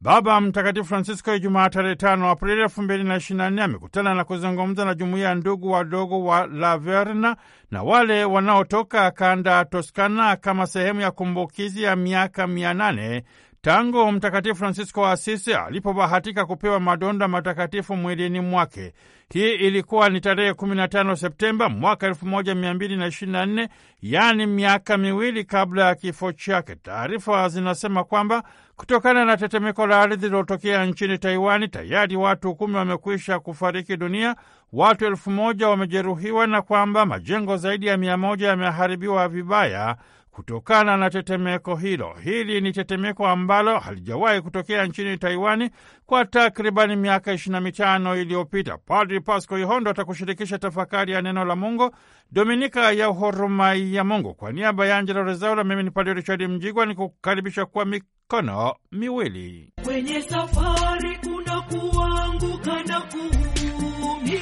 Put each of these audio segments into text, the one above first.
Baba Mtakatifu Francisco Ijumaa tarehe tano Aprili elfu mbili na ishirini na nne amekutana na kuzungumza na jumuiya ya ndugu wadogo wa Laverna na wale wanaotoka kanda Toskana kama sehemu ya kumbukizi ya miaka mia nane tangu Mtakatifu Fransisko wa Asisi alipobahatika kupewa madonda matakatifu mwilini mwake. Hii ilikuwa ni tarehe 15 Septemba mwaka 1224, yaani miaka miwili kabla ya kifo chake. Taarifa zinasema kwamba kutokana na tetemeko la ardhi lilotokea nchini Taiwani, tayari watu kumi wamekwisha kufariki dunia, watu elfu moja wamejeruhiwa na kwamba majengo zaidi ya mia moja yameharibiwa vibaya kutokana na tetemeko hilo. Hili ni tetemeko ambalo halijawahi kutokea nchini Taiwani kwa takribani miaka ishirini na mitano iliyopita. Padri Pasco Ihondo atakushirikisha tafakari ya neno la Mungu Dominika ya huruma ya Mungu. Kwa niaba ya Angela Rezaula, mimi ni Padri Richard Mjigwa ni kukaribisha kwa mikono miwili kwenye safari kuna kuanguka na kuumia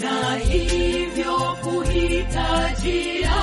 na hivyo kuhitajia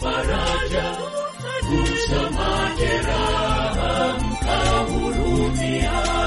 faraja, kumsamahe mkahurumia.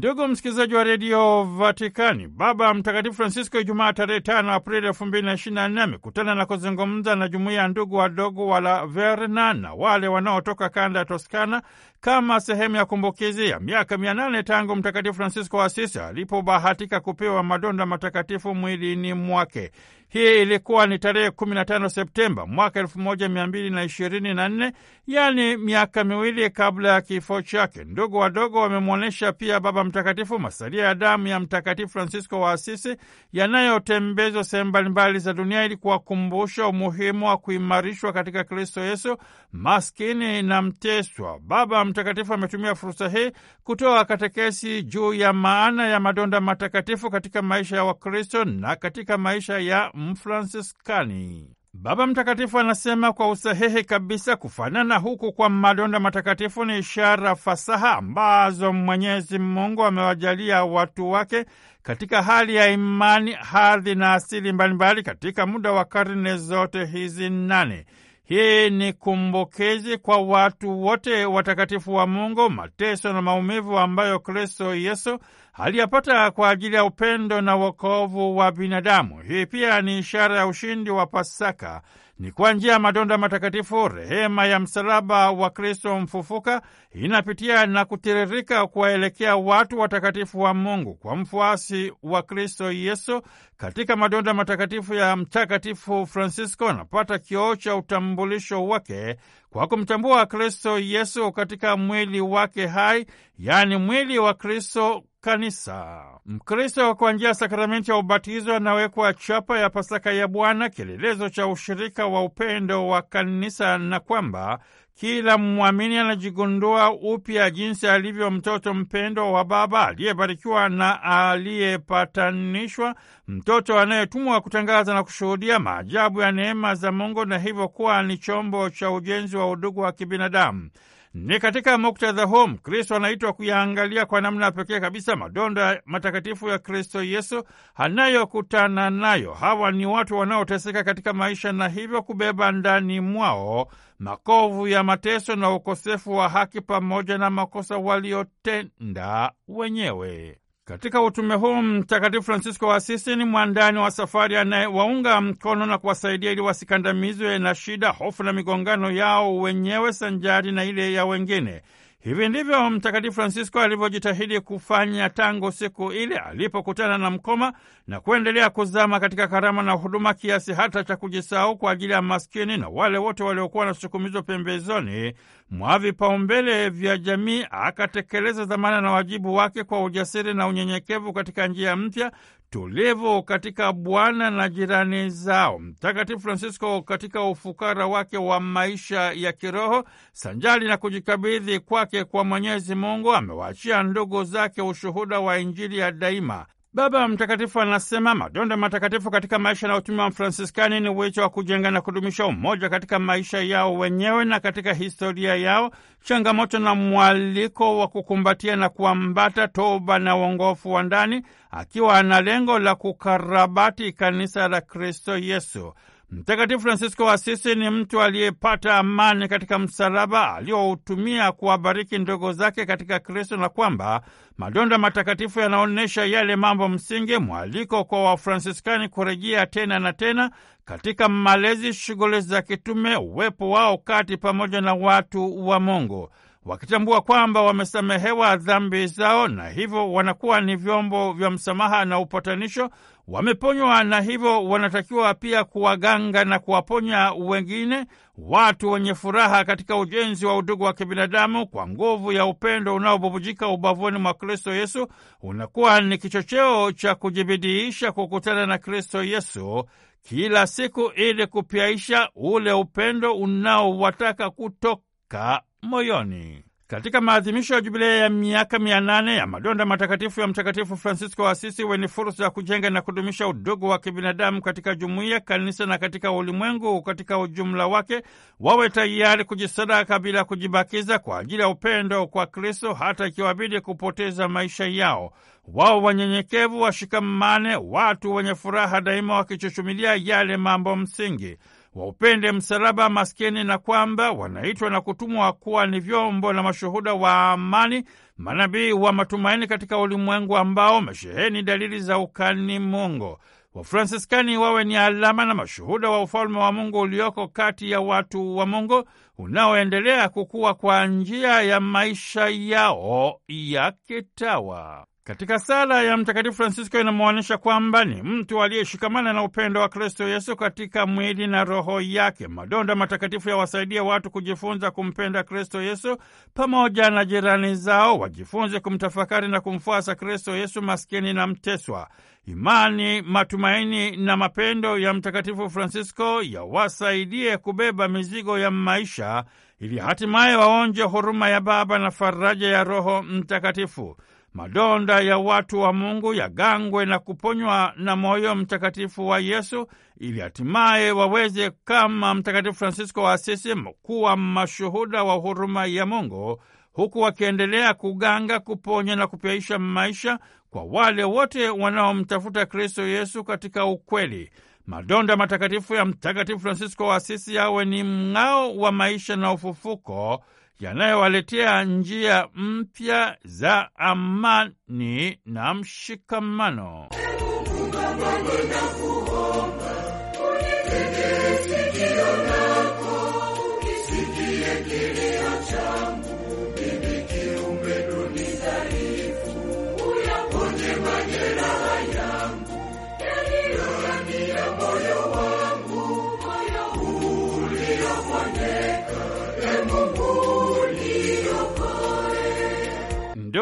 Ndugu msikilizaji wa redio Vatikani, Baba Mtakatifu Francisco Ijumaa tarehe tano Aprili elfu mbili na ishirini na nne amekutana na kuzungumza na jumuiya ya ndugu wadogo wa La Verna na wale wanaotoka kanda ya Toskana kama sehemu ya kumbukizi ya miaka mia nane tangu Mtakatifu Francisco wa Asisi alipobahatika kupewa madonda matakatifu mwilini mwake. Hii ilikuwa ni tarehe 15 Septemba mwaka 1224, yani miaka miwili kabla ya kifo chake. Ndugu wadogo wamemwonyesha pia Baba Mtakatifu masalia ya damu ya Mtakatifu Francisco wa Asisi yanayotembezwa sehemu mbalimbali za dunia ili kuwakumbusha umuhimu wa kuimarishwa katika Kristo Yesu, maskini na mteswa. Baba Mtakatifu ametumia fursa hii kutoa katekesi juu ya maana ya madonda matakatifu katika maisha ya Wakristo na katika maisha ya Mfransiskani. Baba Mtakatifu anasema kwa usahihi kabisa, kufanana huku kwa madonda matakatifu ni ishara fasaha ambazo Mwenyezi Mungu amewajalia watu wake katika hali ya imani, hadhi na asili mbalimbali katika muda wa karne zote hizi nane. Hii ni kumbukizi kwa watu wote watakatifu wa Mungu, mateso na maumivu ambayo Kristo Yesu aliyapata kwa ajili ya upendo na wokovu wa binadamu. Hii pia ni ishara ya ushindi wa Pasaka ni kwa njia ya madonda matakatifu rehema ya msalaba wa Kristo mfufuka inapitia na kutiririka kuwaelekea watu watakatifu wa Mungu. Kwa mfuasi wa Kristo Yesu, katika madonda matakatifu ya Mtakatifu Francisco anapata kioo cha utambulisho wake kwa kumtambua Kristo Yesu katika mwili wake hai, yaani mwili wa Kristo kanisa. Mkristo kwa njia ya sakramenti ya ubatizo anawekwa chapa ya Pasaka ya Bwana, kielelezo cha ushirika wa upendo wa kanisa, na kwamba kila mwamini anajigundua upya jinsi alivyo mtoto mpendwa wa Baba aliyebarikiwa na aliyepatanishwa, mtoto anayetumwa kutangaza na kushuhudia maajabu ya neema za Mungu na hivyo kuwa ni chombo cha ujenzi wa udugu wa kibinadamu. Ni katika muktadha huu Mkristo anaitwa kuyaangalia kwa namna pekee kabisa madondo ya matakatifu ya Kristo Yesu anayokutana nayo. Hawa ni watu wanaoteseka katika maisha na hivyo kubeba ndani mwao makovu ya mateso na ukosefu wa haki pamoja na makosa waliotenda wenyewe. Katika utume huu Mtakatifu Fransisko wa Asisi ni mwandani wa safari anayewaunga mkono na kuwasaidia ili wasikandamizwe na shida, hofu na migongano yao wenyewe sanjari na ile ya wengine. Hivi ndivyo Mtakatifu Fransisko alivyojitahidi kufanya tangu siku ile alipokutana na mkoma na kuendelea kuzama katika karama na huduma kiasi hata cha kujisahau kwa ajili ya maskini na wale wote waliokuwa na sukumizwa pembezoni mwa vipaumbele vya jamii. Akatekeleza dhamana na wajibu wake kwa ujasiri na unyenyekevu katika njia mpya tulivu katika Bwana na jirani zao. Mtakatifu Fransisko, katika ufukara wake wa maisha ya kiroho sanjali na kujikabidhi kwake kwa Mwenyezi Mungu, amewaachia ndugu zake ushuhuda wa Injili ya daima. Baba Mtakatifu anasema madonda matakatifu katika maisha na utume wa mfransiskani ni wito wa kujenga na kudumisha umoja katika maisha yao wenyewe na katika historia yao, changamoto na mwaliko wa kukumbatia na kuambata toba na uongofu wa ndani, akiwa ana lengo la kukarabati kanisa la Kristo Yesu. Mtakatifu Fransisko wa Asisi ni mtu aliyepata amani katika msalaba aliyoutumia kuwabariki ndogo zake katika Kristo, na kwamba madonda matakatifu yanaonyesha yale mambo msingi, mwaliko kwa Wafransiskani kurejea tena na tena katika malezi, shughuli za kitume, uwepo wao kati pamoja na watu wa Mungu wakitambua kwamba wamesamehewa dhambi zao na hivyo wanakuwa ni vyombo vya msamaha na upatanisho, wameponywa na hivyo wanatakiwa pia kuwaganga na kuwaponya wengine, watu wenye furaha katika ujenzi wa udugu wa kibinadamu. Kwa nguvu ya upendo unaobubujika ubavuni mwa Kristo Yesu, unakuwa ni kichocheo cha kujibidiisha kukutana na Kristo Yesu kila siku ili kupyaisha ule upendo unaowataka kutoka moyoni. Katika maadhimisho ya jubilei ya miaka mia nane ya madonda matakatifu ya Mtakatifu Francisco wa Asisi, wenye fursa ya kujenga na kudumisha udugu wa kibinadamu katika jumuiya, kanisa na katika ulimwengu katika ujumla wake, wawe tayari kujisadaka bila kujibakiza kwa ajili ya upendo kwa Kristo, hata ikiwabidi kupoteza maisha yao. Wao wanyenyekevu washikamane, watu wenye furaha daima, wakichuchumilia yale mambo msingi waupende msalaba maskini, na kwamba wanaitwa na kutumwa kuwa ni vyombo na mashuhuda wa amani, manabii wa matumaini katika ulimwengu ambao umesheheni dalili za ukani Mungu. Wafransiskani wawe ni alama na mashuhuda wa ufalme wa Mungu ulioko kati ya watu wa Mungu unaoendelea kukua kwa njia ya maisha yao ya kitawa. Katika sala ya Mtakatifu Fransisko inamwonyesha kwamba ni mtu aliyeshikamana na upendo wa Kristo Yesu katika mwili na roho yake. Madonda matakatifu yawasaidia watu kujifunza kumpenda Kristo Yesu pamoja na jirani zao, wajifunze kumtafakari na kumfuasa Kristo Yesu maskini na mteswa. Imani, matumaini na mapendo ya Mtakatifu Fransisko yawasaidie kubeba mizigo ya maisha ili hatimaye waonje huruma ya Baba na faraja ya Roho Mtakatifu madonda ya watu wa Mungu yagangwe na kuponywa na moyo mtakatifu wa Yesu, ili hatimaye waweze kama Mtakatifu Fransisko wa Asisi kuwa mashuhuda wa huruma ya Mungu, huku wakiendelea kuganga, kuponya na kupyaisha maisha kwa wale wote wanaomtafuta Kristo Yesu katika ukweli. Madonda matakatifu ya Mtakatifu Fransisko wa Asisi yawe ni mng'ao wa maisha na ufufuko yanayowaletea njia mpya za amani na mshikamano.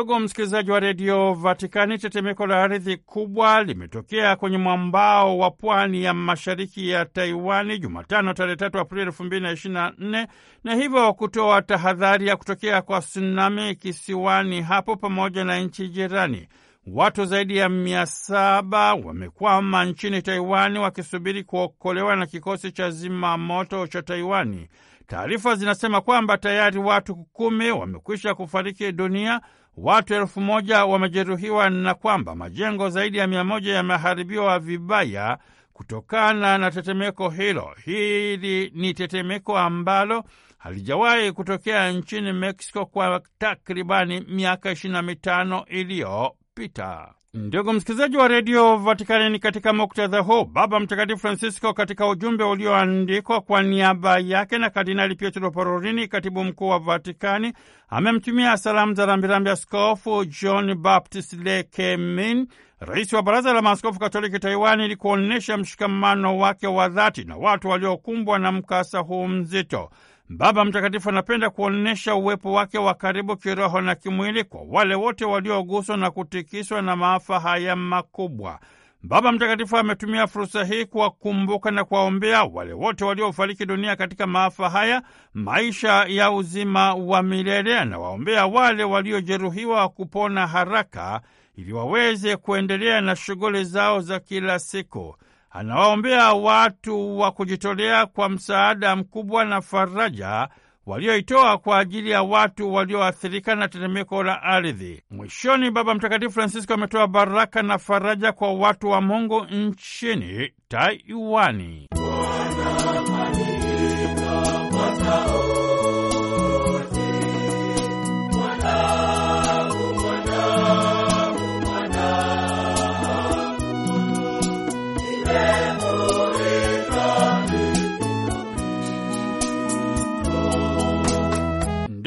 Ndugu msikilizaji wa redio Vatikani, tetemeko la ardhi kubwa limetokea kwenye mwambao wa pwani ya mashariki ya Taiwani Jumatano tarehe tatu Aprili elfu mbili na na nne na hivyo kutoa tahadhari ya kutokea kwa tsunami kisiwani hapo pamoja na nchi jirani. Watu zaidi ya mia saba wamekwama nchini Taiwani wakisubiri kuokolewa na kikosi cha zimamoto cha Taiwani. Taarifa zinasema kwamba tayari watu kumi wamekwisha kufariki dunia watu elfu moja wamejeruhiwa na kwamba majengo zaidi ya mia moja yameharibiwa vibaya kutokana na tetemeko hilo. Hili ni tetemeko ambalo halijawahi kutokea nchini Mexico kwa takribani miaka mitano iliyopita. Ndugu msikilizaji wa redio Vatikani, katika muktadha huu Baba Mtakatifu Francisco katika ujumbe ulioandikwa kwa niaba yake na Kardinali Pietro Parolin, katibu mkuu wa Vatikani, amemtumia salamu za rambirambi Askofu John Baptist Le Kemin, rais wa Baraza la Maaskofu Katoliki Taiwan, ili kuonyesha mshikamano wake wa dhati na watu waliokumbwa na mkasa huu mzito. Baba Mtakatifu anapenda kuonyesha uwepo wake wa karibu kiroho na kimwili kwa wale wote walioguswa na kutikiswa na maafa haya makubwa. Baba Mtakatifu ametumia fursa hii kuwakumbuka na kuwaombea wale wote waliofariki dunia katika maafa haya, maisha ya uzima wa milele, anawaombea wale waliojeruhiwa kupona haraka ili waweze kuendelea na shughuli zao za kila siku anawaombea watu wa kujitolea kwa msaada mkubwa na faraja walioitoa kwa ajili ya watu walioathirika na tetemeko la ardhi. Mwishoni, Baba Mtakatifu Francisco ametoa baraka na faraja kwa watu wa Mungu nchini Taiwani.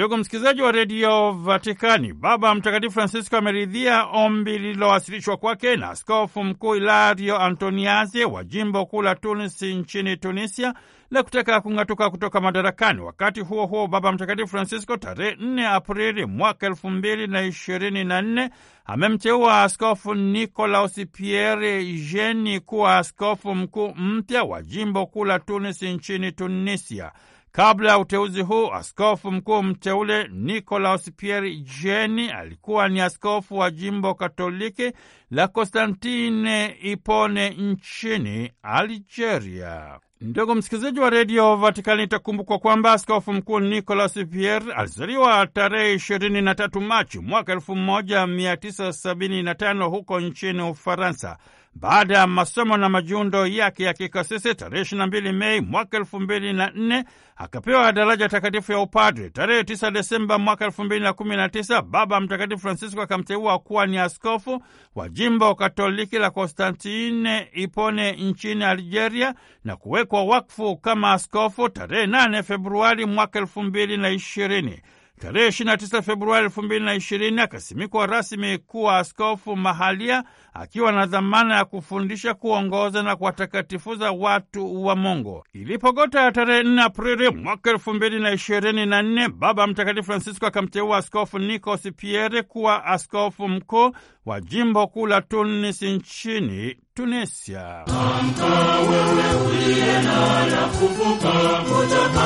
Ndugu msikilizaji wa redio Vatikani, Baba Mtakatifu Francisco ameridhia ombi lililowasilishwa kwake na askofu mkuu Ilario Antoniazi wa jimbo kuu la Tunisi nchini Tunisia la kutaka kung'atuka kutoka madarakani. Wakati huo huo, Baba Mtakatifu Francisco tarehe 4 Aprili mwaka elfu mbili na ishirini na nne amemteua askofu nicolaus pierre Jeni kuwa askofu mkuu mpya wa jimbo kuu la Tunisi nchini Tunisia. Kabla ya uteuzi huu, askofu mkuu mteule Nikolaus Pieri Jeni alikuwa ni askofu wa jimbo katoliki la Konstantine Ipone nchini Algeria. Ndugu msikilizaji wa redio Vatikani, itakumbukwa kwamba askofu mkuu Nicolas Pierre alizaliwa tarehe 23 Machi mwaka 1975 huko nchini Ufaransa baada ya masomo na majundo yake ya kikasisi tarehe 22 Mei mwaka 2004 akapewa daraja takatifu ya upadre. Tarehe 9 Desemba mwaka 2019 Baba Mtakatifu Francisco akamteua kuwa ni askofu wa jimbo Katoliki la Konstantine Ipone nchini Algeria na kuwekwa wakfu kama askofu tarehe 8 Februari mwaka 2020. Tarehe 29 Februari 2020 akasimikwa rasmi kuwa askofu mahalia akiwa na dhamana ya kufundisha, kuongoza na kuwatakatifuza watu wa Mungu. Ilipogota tarehe 4 Aprili mwaka 2024, Baba Mtakatifu Francisco akamteua Askofu Nikos Pierre kuwa askofu mkuu wa jimbo kuu la Tunis nchini Tunisia. Amka wewe uliye na yakufuka, kutoka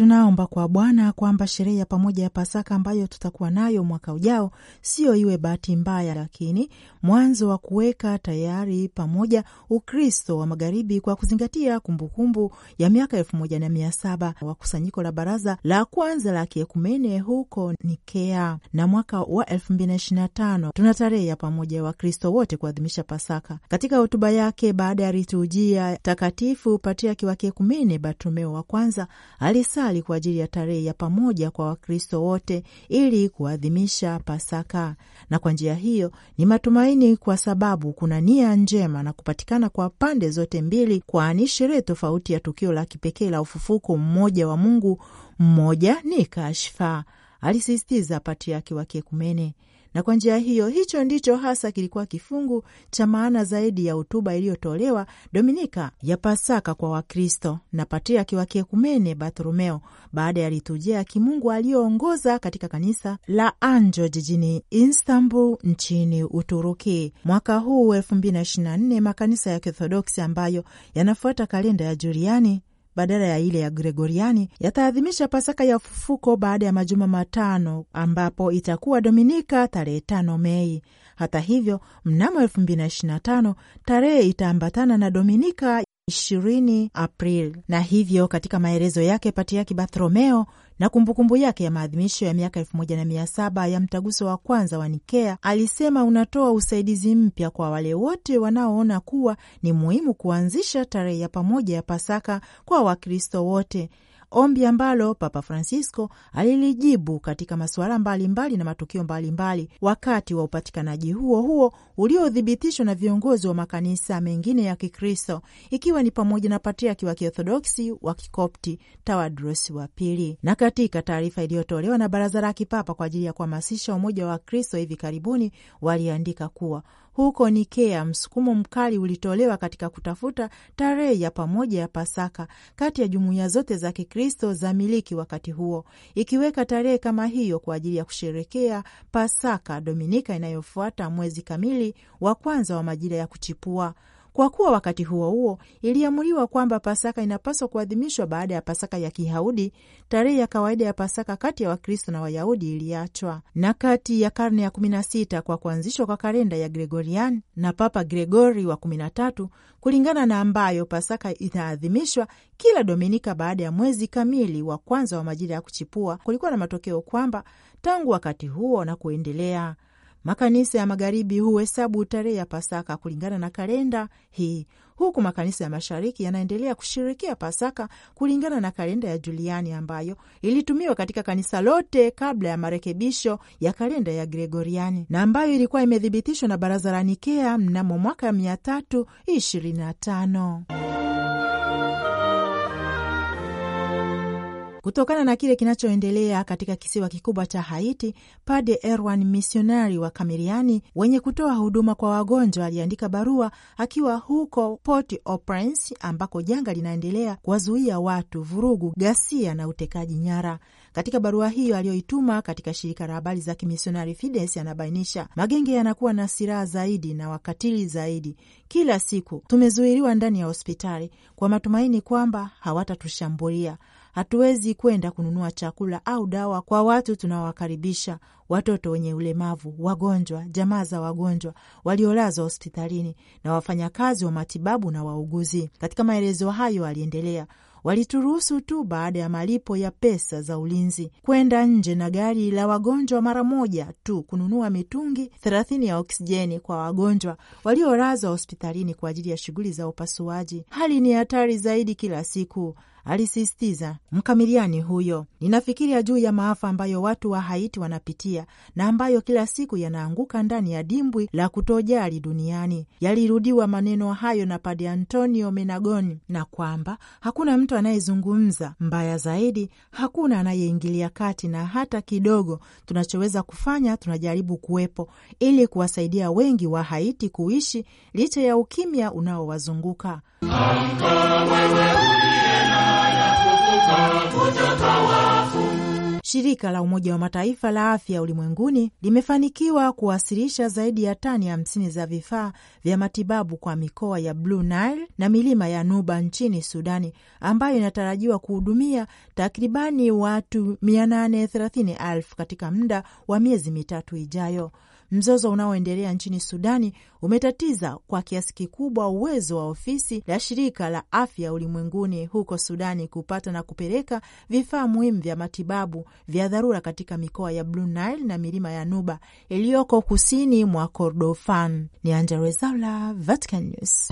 Tunaomba kwa Bwana kwamba sherehe ya pamoja ya Pasaka ambayo tutakuwa nayo mwaka ujao siyo iwe bahati mbaya, lakini mwanzo wa kuweka tayari pamoja Ukristo wa Magharibi kwa kuzingatia kumbukumbu ya miaka elfu moja na mia saba wa kusanyiko la Baraza la Kwanza la Kiekumene huko Nikea, na mwaka wa elfu mbili na ishirini na tano tuna tarehe ya pamoja ya Wakristo wote kuadhimisha Pasaka. Katika hotuba yake baada ya liturujia takatifu, Patriaki wa Kiekumene Bartolomeo wa Kwanza alisa serikali kwa ajili ya tarehe ya pamoja kwa Wakristo wote ili kuadhimisha Pasaka, na kwa njia hiyo ni matumaini, kwa sababu kuna nia njema na kupatikana kwa pande zote mbili, kwani sherehe tofauti ya tukio la kipekee la ufufuko mmoja wa Mungu mmoja ni kashfa, alisisitiza patriaki wa Kiekumene na kwa njia hiyo, hicho ndicho hasa kilikuwa kifungu cha maana zaidi ya hotuba iliyotolewa Dominika ya Pasaka kwa Wakristo na patriaki wa kiekumene Bartholomeo baada ya liturujia ya kimungu aliyoongoza katika kanisa la Anjo jijini Istanbul nchini Uturuki mwaka huu 2024. Makanisa ya Kiorthodoksi ambayo yanafuata kalenda ya Juliani badala ya ile ya Gregoriani yataadhimisha Pasaka ya ufufuko baada ya majuma matano ambapo itakuwa Dominika tarehe tano Mei. Hata hivyo, mnamo 225 tarehe itaambatana na Dominika 20 Aprili, na hivyo katika maelezo yake Patriaki Bartholomeo na kumbukumbu yake ya maadhimisho ya miaka elfu moja na mia saba ya mtaguso wa kwanza wa Nikea, alisema unatoa usaidizi mpya kwa wale wote wanaoona kuwa ni muhimu kuanzisha tarehe ya pamoja ya Pasaka kwa Wakristo wote ombi ambalo Papa Francisco alilijibu katika masuala mbalimbali na matukio mbalimbali mbali, wakati wa upatikanaji huo huo uliothibitishwa na viongozi wa makanisa mengine ya Kikristo ikiwa ni pamoja na Patriaki wa Kiorthodoksi wa Kikopti Tawadros wa Pili. Na katika taarifa iliyotolewa na Baraza la Kipapa kwa ajili ya kuhamasisha umoja wa kristo hivi karibuni waliandika kuwa huko Nikea, msukumo mkali ulitolewa katika kutafuta tarehe ya pamoja ya Pasaka kati ya jumuiya zote za Kikristo za miliki wakati huo, ikiweka tarehe kama hiyo kwa ajili ya kusherekea Pasaka dominika inayofuata mwezi kamili wa kwanza wa majira ya kuchipua kwa kuwa wakati huo huo iliamuliwa kwamba Pasaka inapaswa kuadhimishwa baada ya Pasaka ya Kiyahudi, tarehe ya kawaida ya Pasaka kati ya Wakristo na Wayahudi iliachwa. Na kati ya karne ya 16 kwa kuanzishwa kwa kalenda ya Gregorian na Papa Gregori wa 13, kulingana na ambayo Pasaka itaadhimishwa kila Dominika baada ya mwezi kamili wa kwanza wa majira ya kuchipua, kulikuwa na matokeo kwamba tangu wakati huo na kuendelea Makanisa ya magharibi huhesabu tarehe ya Pasaka kulingana na kalenda hii, huku makanisa ya mashariki yanaendelea kushirikia Pasaka kulingana na kalenda ya Juliani ambayo ilitumiwa katika kanisa lote kabla ya marekebisho ya kalenda ya Gregoriani na ambayo ilikuwa imethibitishwa na Baraza la Nikea mnamo mwaka 325. Kutokana na kile kinachoendelea katika kisiwa kikubwa cha Haiti, Pade Erwan, misionari wa Kameriani wenye kutoa huduma kwa wagonjwa, aliandika barua akiwa huko Port au Prince, ambako janga linaendelea kuwazuia watu, vurugu, ghasia na utekaji nyara. Katika barua hiyo aliyoituma katika shirika la habari za kimisionari Fides, anabainisha magenge yanakuwa na silaha zaidi na wakatili zaidi kila siku. Tumezuiliwa ndani ya hospitali kwa matumaini kwamba hawatatushambulia Hatuwezi kwenda kununua chakula au dawa kwa watu tunawakaribisha, watoto wenye ulemavu, wagonjwa, jamaa za wagonjwa, waliolazwa hospitalini na wafanyakazi wa matibabu na wauguzi. Katika maelezo hayo, aliendelea walituruhusu tu baada ya malipo ya pesa za ulinzi kwenda nje na gari la wagonjwa mara moja tu kununua mitungi thelathini ya oksijeni kwa wagonjwa waliolazwa hospitalini kwa ajili ya shughuli za upasuaji. Hali ni hatari zaidi kila siku, Alisisitiza mkamiliani huyo, ninafikiria juu ya maafa ambayo watu wa Haiti wanapitia na ambayo kila siku yanaanguka ndani ya dimbwi la kutojali duniani. Yalirudiwa maneno hayo na Padre Antonio Menagoni, na kwamba hakuna mtu anayezungumza. Mbaya zaidi, hakuna anayeingilia kati, na hata kidogo tunachoweza kufanya tunajaribu kuwepo, ili kuwasaidia wengi wa Haiti kuishi licha ya ukimya unaowazunguka. Shirika la Umoja wa Mataifa la afya ulimwenguni limefanikiwa kuwasilisha zaidi ya tani 50 za vifaa vya matibabu kwa mikoa ya Blue Nile na milima ya Nuba nchini Sudani, ambayo inatarajiwa kuhudumia takribani watu 830,000 katika muda wa miezi mitatu ijayo. Mzozo unaoendelea nchini Sudani umetatiza kwa kiasi kikubwa uwezo wa ofisi la shirika la afya ulimwenguni huko Sudani kupata na kupeleka vifaa muhimu vya matibabu vya dharura katika mikoa ya Blue Nile na milima ya Nuba iliyoko kusini mwa Kordofan. Ni Angella Rwezaula, Vatican News.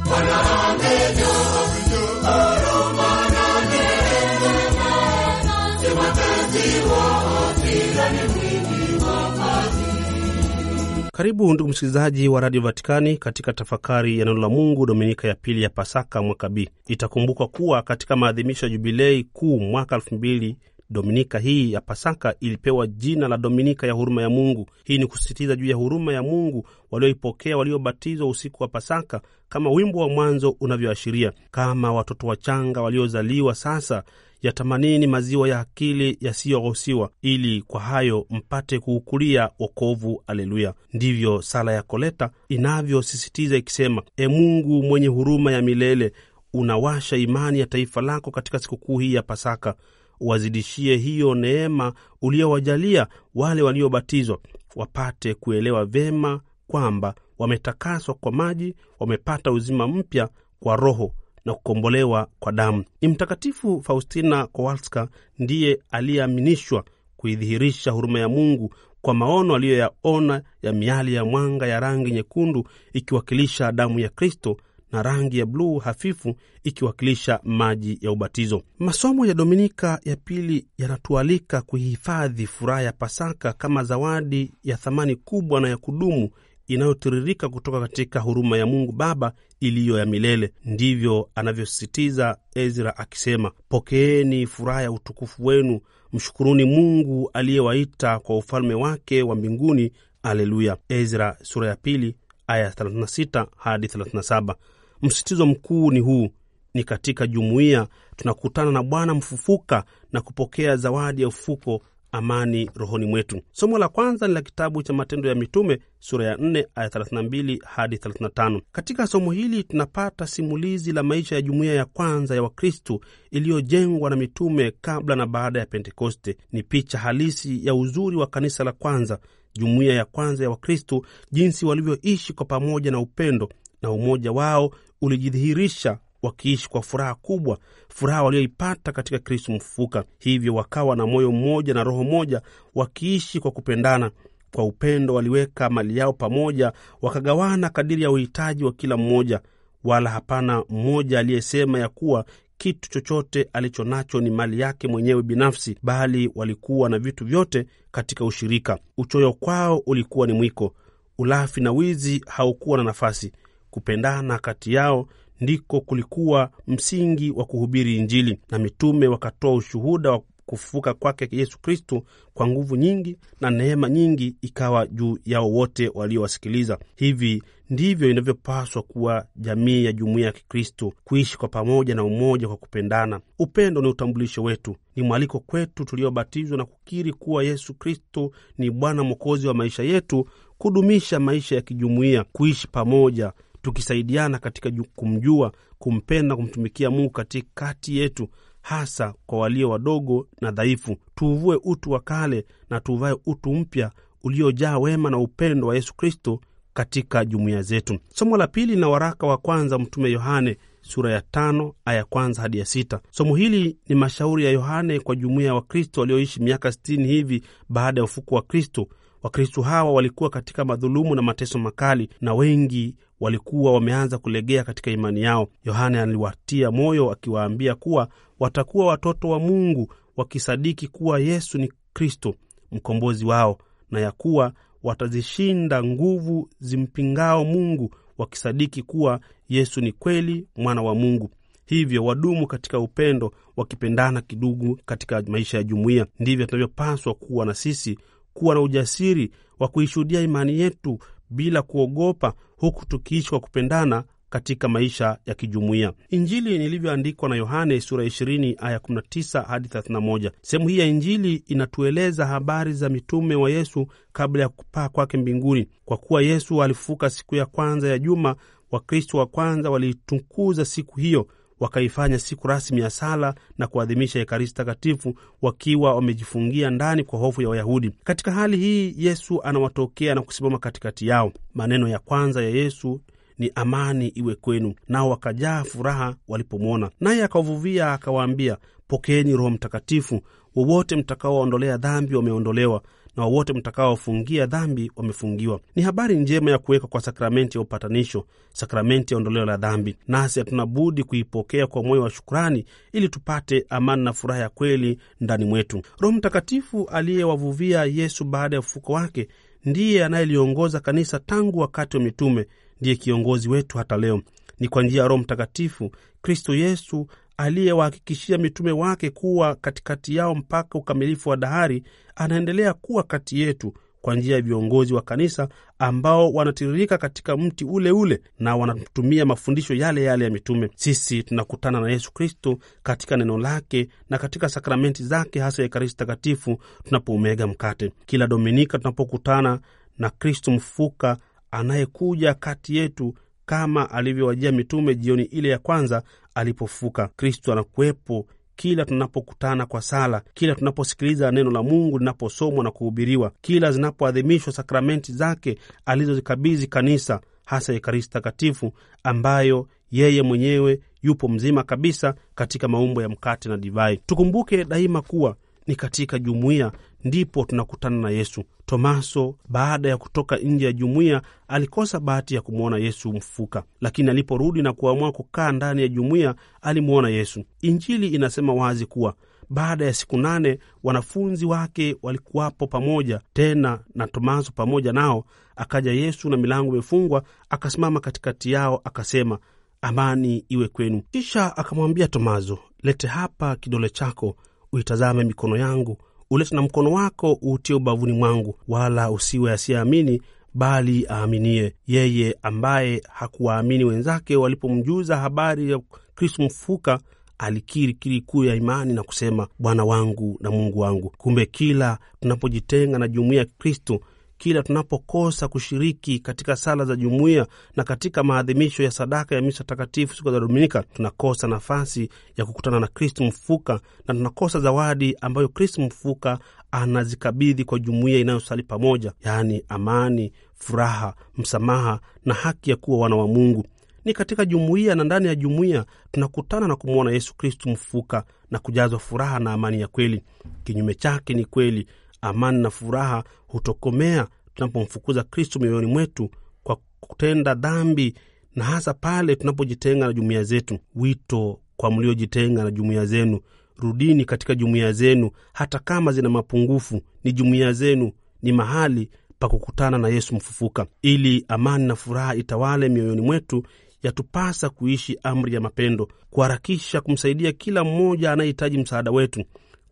Karibu ndugu msikilizaji wa Radio Vatikani katika tafakari ya neno la Mungu, dominika ya pili ya Pasaka mwaka B. Itakumbukwa kuwa katika maadhimisho ya Jubilei Kuu mwaka elfu mbili Dominika hii ya Pasaka ilipewa jina la Dominika ya huruma ya Mungu. Hii ni kusisitiza juu ya huruma ya Mungu walioipokea waliobatizwa usiku wa Pasaka, kama wimbo wa mwanzo unavyoashiria, kama watoto wachanga waliozaliwa sasa yatamanini maziwa ya akili yasiyoghosiwa ili kwa hayo mpate kuukulia wokovu. Aleluya! Ndivyo sala ya Koleta inavyosisitiza ikisema, E Mungu mwenye huruma ya milele, unawasha imani ya taifa lako katika sikukuu hii ya Pasaka, wazidishie hiyo neema uliyowajalia wale waliobatizwa, wapate kuelewa vyema kwamba wametakaswa kwa maji, wamepata uzima mpya kwa Roho na kukombolewa kwa damu. Ni Mtakatifu Faustina Kowalska ndiye aliyeaminishwa kuidhihirisha huruma ya Mungu kwa maono aliyoyaona ya miali ya mwanga ya rangi nyekundu ikiwakilisha damu ya Kristo na rangi ya bluu hafifu ikiwakilisha maji ya ubatizo. Masomo ya Dominika ya pili yanatualika kuhifadhi furaha ya Pasaka kama zawadi ya thamani kubwa na ya kudumu inayotiririka kutoka katika huruma ya Mungu Baba iliyo ya milele. Ndivyo anavyosisitiza Ezra akisema, pokeeni furaha ya utukufu wenu, mshukuruni Mungu aliyewaita kwa ufalme wake wa mbinguni. Aleluya. Ezra sura ya pili aya 36 hadi 37. Msisitizo mkuu ni huu: ni katika jumuiya tunakutana na Bwana mfufuka na kupokea zawadi ya ufuko amani rohoni mwetu. Somo la kwanza ni la kitabu cha Matendo ya Mitume sura ya 4 aya 32 hadi 35. Katika somo hili tunapata simulizi la maisha ya jumuiya ya kwanza ya Wakristu iliyojengwa na mitume kabla na baada ya Pentekoste. Ni picha halisi ya uzuri wa kanisa la kwanza, jumuiya ya kwanza ya Wakristu, jinsi walivyoishi kwa pamoja na upendo na umoja wao ulijidhihirisha wakiishi kwa furaha kubwa, furaha walioipata katika Kristu mfufuka. Hivyo wakawa na moyo mmoja na roho moja, wakiishi kwa kupendana. Kwa upendo waliweka mali yao pamoja, wakagawana kadiri ya uhitaji wa kila mmoja, wala hapana mmoja aliyesema ya kuwa kitu chochote alicho nacho ni mali yake mwenyewe binafsi, bali walikuwa na vitu vyote katika ushirika. Uchoyo kwao ulikuwa ni mwiko, ulafi na wizi haukuwa na nafasi. Kupendana kati yao ndiko kulikuwa msingi wa kuhubiri Injili, na mitume wakatoa ushuhuda wa kufufuka kwake Yesu Kristo kwa nguvu nyingi, na neema nyingi ikawa juu yao wote waliowasikiliza. Hivi ndivyo inavyopaswa kuwa jamii ya jumuiya ya Kikristo, kuishi kwa pamoja na umoja kwa kupendana. Upendo ni utambulisho wetu, ni mwaliko kwetu tuliobatizwa na kukiri kuwa Yesu Kristo ni Bwana Mwokozi wa maisha yetu, kudumisha maisha ya kijumuiya, kuishi pamoja tukisaidiana katika kumjua, kumpenda, kumtumikia Mungu katikati yetu, hasa kwa walio wadogo na dhaifu. Tuuvue utu wa kale na tuuvae utu mpya uliojaa wema na upendo wa Yesu Kristo katika jumuiya zetu. Somo la pili na waraka wa kwanza Mtume Yohane sura ya tano aya kwanza hadi ya sita. Somo hili ni mashauri ya Yohane kwa jumuiya ya Wakristo walioishi miaka sitini hivi baada ya ufuku wa Kristo. Wakristo hawa walikuwa katika madhulumu na mateso makali, na wengi walikuwa wameanza kulegea katika imani yao. Yohane aliwatia moyo akiwaambia kuwa watakuwa watoto wa Mungu wakisadiki kuwa Yesu ni Kristo mkombozi wao, na ya kuwa watazishinda nguvu zimpingao Mungu wakisadiki kuwa Yesu ni kweli mwana wa Mungu. Hivyo wadumu katika upendo, wakipendana kidugu katika maisha ya jumuiya. Ndivyo tunavyopaswa kuwa na sisi, kuwa na ujasiri wa kuishuhudia imani yetu bila kuogopa, huku tukiishwa kupendana katika maisha ya kijumuiya. Injili nilivyoandikwa na Yohane sura 20 aya 19 hadi 31. Sehemu hii ya Injili inatueleza habari za mitume wa Yesu kabla ya kupaa kwake mbinguni. Kwa kuwa Yesu alifufuka siku ya kwanza ya juma, Wakristo wa kwanza waliitukuza siku hiyo wakaifanya siku rasmi ya sala na kuadhimisha Ekaristi Takatifu wakiwa wamejifungia ndani kwa hofu ya Wayahudi. Katika hali hii, Yesu anawatokea na kusimama katikati yao. Maneno ya kwanza ya Yesu ni amani iwe kwenu, nao wakajaa furaha walipomwona. Naye akawavuvia akawaambia, pokeeni Roho Mtakatifu. Wowote mtakaowaondolea dhambi wameondolewa, na wowote mtakaofungia dhambi wamefungiwa. Ni habari njema ya kuwekwa kwa sakramenti ya upatanisho, sakramenti ya ondoleo la dhambi, nasi hatuna budi kuipokea kwa moyo wa shukrani ili tupate amani na furaha ya kweli ndani mwetu. Roho Mtakatifu aliyewavuvia Yesu baada ya ufuko wake ndiye anayeliongoza kanisa tangu wakati wa mitume, ndiye kiongozi wetu hata leo. Ni kwa njia ya Roho Mtakatifu Kristo Yesu aliyewahakikishia mitume wake kuwa katikati yao mpaka ukamilifu wa dahari, anaendelea kuwa kati yetu kwa njia ya viongozi wa kanisa ambao wanatiririka katika mti ule ule na wanatumia mafundisho yale yale ya mitume. Sisi tunakutana na Yesu Kristo katika neno lake na katika sakramenti zake, hasa Ekaristi Takatifu tunapoumega mkate. Kila Dominika tunapokutana na Kristo mfuka anayekuja kati yetu kama alivyowajia mitume jioni ile ya kwanza alipofuka. Kristo anakuwepo kila tunapokutana kwa sala, kila tunaposikiliza neno la Mungu linaposomwa na kuhubiriwa, kila zinapoadhimishwa sakramenti zake alizozikabidhi kanisa, hasa Ekaristi Takatifu ambayo yeye mwenyewe yupo mzima kabisa katika maumbo ya mkate na divai. Tukumbuke daima kuwa ni katika jumuiya ndipo tunakutana na Yesu. Tomaso baada ya kutoka nje ya jumuiya alikosa bahati ya kumwona Yesu mfuka, lakini aliporudi na kuamua kukaa ndani ya jumuiya alimwona Yesu. Injili inasema wazi kuwa baada ya siku nane wanafunzi wake walikuwapo pamoja tena na Tomaso pamoja nao. Akaja Yesu na milango imefungwa, akasimama katikati yao, akasema, amani iwe kwenu. Kisha akamwambia Tomaso, lete hapa kidole chako, uitazame mikono yangu ulete na mkono wako utie ubavuni mwangu, wala usiwe asiyeamini bali aaminie. Yeye ambaye hakuwaamini wenzake walipomjuza habari ya kristu mfuka alikiri kiri kuu ya imani na kusema, Bwana wangu na Mungu wangu. Kumbe kila tunapojitenga na jumuiya ya kristu kila tunapokosa kushiriki katika sala za jumuiya na katika maadhimisho ya sadaka ya misa takatifu siku za Dominika, tunakosa nafasi ya kukutana na Kristu mfuka na tunakosa zawadi ambayo Kristu mfuka anazikabidhi kwa jumuiya inayosali pamoja, yaani amani, furaha, msamaha na haki ya kuwa wana wa Mungu. Ni katika jumuiya na ndani ya jumuiya tunakutana na kumwona Yesu Kristu mfuka na kujazwa furaha na amani ya kweli. Kinyume chake ni kweli Amani na furaha hutokomea tunapomfukuza Kristo mioyoni mwetu kwa kutenda dhambi, na hasa pale tunapojitenga na jumuiya zetu. Wito kwa mliojitenga na jumuiya zenu, rudini katika jumuiya zenu, hata kama zina mapungufu. Ni jumuiya zenu, ni mahali pa kukutana na Yesu mfufuka. Ili amani na furaha itawale mioyoni mwetu, yatupasa kuishi amri ya mapendo, kuharakisha kumsaidia kila mmoja anayehitaji msaada wetu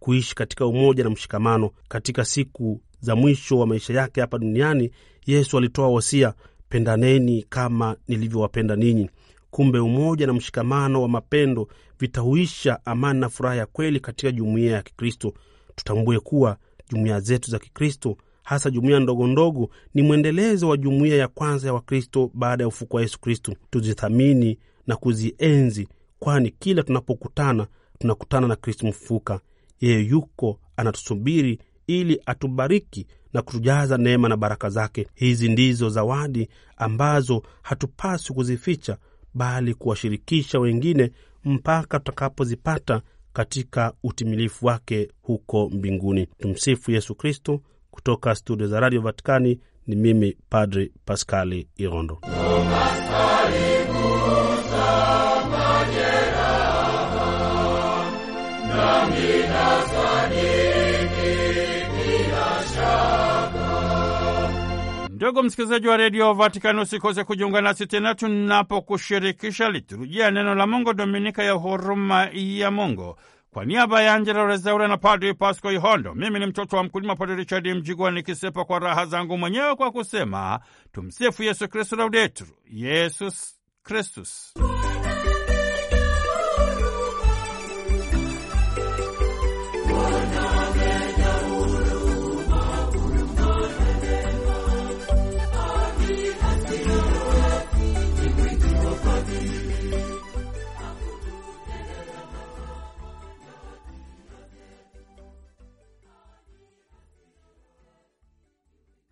kuishi katika umoja na mshikamano. Katika siku za mwisho wa maisha yake hapa duniani, Yesu alitoa wosia, pendaneni kama nilivyowapenda ninyi. Kumbe umoja na mshikamano wa mapendo vitahuisha amani na furaha ya kweli katika jumuiya ya Kikristo. Tutambue kuwa jumuiya zetu za Kikristo, hasa jumuiya ndogo ndogo, ni mwendelezo wa jumuiya ya kwanza ya Wakristo baada ya ufuko wa Yesu Kristo. Tuzithamini na kuzienzi, kwani kila tunapokutana tunakutana na Kristo mfufuka. Yeye yuko anatusubiri ili atubariki na kutujaza neema na baraka zake. Hizi ndizo zawadi ambazo hatupaswi kuzificha, bali kuwashirikisha wengine mpaka tutakapozipata katika utimilifu wake huko mbinguni. Tumsifu Yesu Kristo. Kutoka studio za Radio Vatikani ni mimi Padri Paskali Irondo. Ndugu msikilizaji wa redio Vatikani, usikose kujiunga nasi tena tunapokushirikisha liturujia neno la Mungu, dominika ya huruma ya Mungu. Kwa niaba ya Angela Rezaura na Padri Pasco Ihondo, mimi ni mtoto wa mkulima Padri Richard Mjigwa, nikisepa kwa raha zangu mwenyewe kwa kusema tumsifu Yesu Kristu, laudetur Yesus Kristus.